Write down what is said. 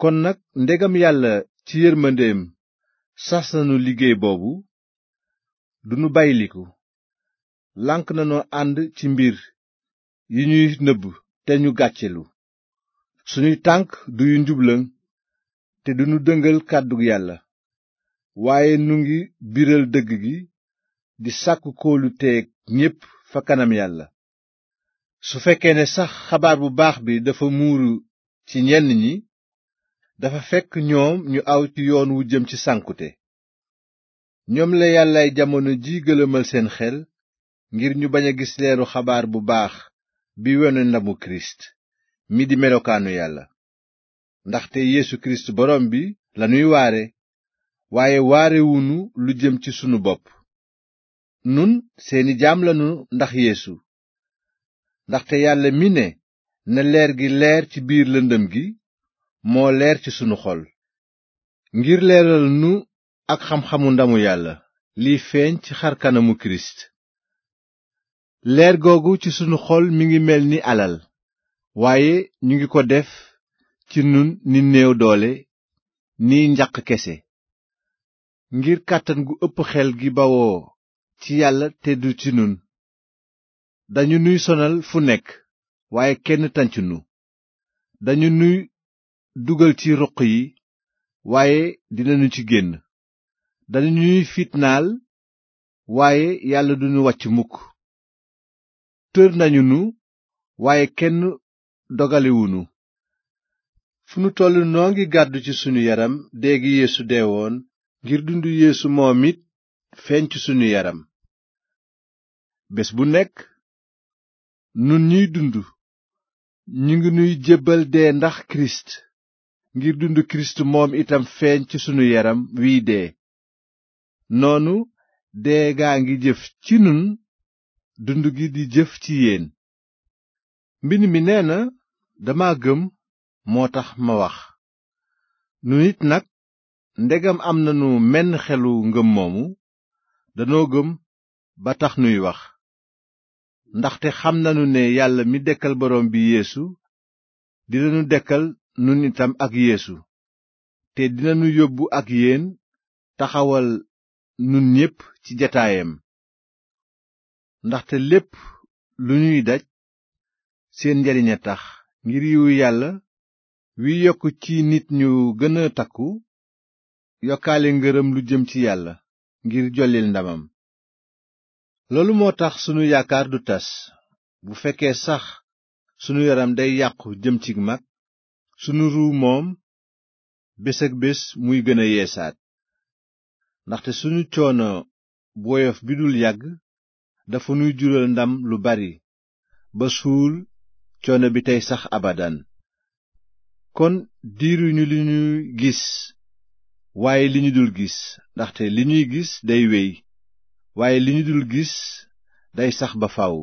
kon nag ndegam yàlla ci yërmandeem sas nanu liggéey boobu dunu bàyyiliku lànk nanoo ànd ci mbir yi ñuy nëbb te ñu gàccelu suñuy tànk du yu njublaŋ te duñu dëngal kàddu yàlla waaye nu ngi biral dëgg gi di sàkku koolu teeg ñépp fa kanam yàlla su fekkee ne sax xabaar bu baax bi dafa muuru ci ñenn ñi dafa fekk ñoom ñu aw ci yoon wu jëm ci sankute ñoom la yàllaay jamono ji gëlëmal seen xel ngir ñu bañ a gis leeru xabaar bu baax bi wone ndamu kirist mi di melokaanu yàlla ndaxte yéesu kirist borom bi lanuy waare waaye waarewunu lu jëm ci sunu bopp nun seeni jaam lanu ndax yeesu ndaxte yàlla mi ne na leer gi leer ci biir lëndëm gi moo leer ci sunu xol ngir leeral nu ak xam-xamu ndamu yàlla liy feeñ ci xar kanamu kirist leer googu ci sunu xol mi ngi mel ni alal waaye ñu ngi ko def ci nun ni néew doole ni njaq kese ngir kàttan gu ëpp xel gi bawoo ci yàlla te du ci nun dañu nuy sonal fu nekk waaye kenn tàncu nu dañu nuy dugal ci ruq yi waaye dinañu ci génn dañuy fitnaal waaye yàlla duñu wàcc mukk tër nañu nu waaye kenn dogalewuñu fu nu toll noo ngi gàddu ci sunu yaram deegi yeesu deewoon ngir dundu yéesu moom it feeñ ci sunu yaram bés bu nekk nun ñuy dund ngi nuy jébbal dee ndax kirist ngir dund kirist moom itam feeñ ci sunu yaram wii dee noonu dee gaa ngi jëf ci nun dund gi di jëf ci yéen mbind mi nee na dama gëm moo tax ma wax nu nit nag ndegam am nanu menn xelu ngëm moomu danoo gëm ba tax nuy wax ndaxte xam nanu ne yàlla mi dekkal borom bi yeesu dinañu dekkal nun ak yeesu te dinanu yóbbu ak yéen taxawal nun ñépp ci jataayam ndaxte lépp lu ñuy daj seen njariñ a tax ngir yiwu yàlla wi yokk ci nit ñu gëna takku yokkaale ngërëm lu jëm ci yàlla ngir jollil ndamam loolu moo tax sunu yaakaar du tas bu fekkee sax sunu yaram day yàqu jëm ci mag sunu ruu moom bés bés muy gën a yeesaat ndaxte sunu coono woyof bi dul yàgg dafa nuy jural ndam lu bari ba suul coono bi tey sax abadan kon diiruñu li ñuy gis waaye li ñu dul gis ndaxte li ñuy gis day wey waaye li ñu dul gis day sax ba faw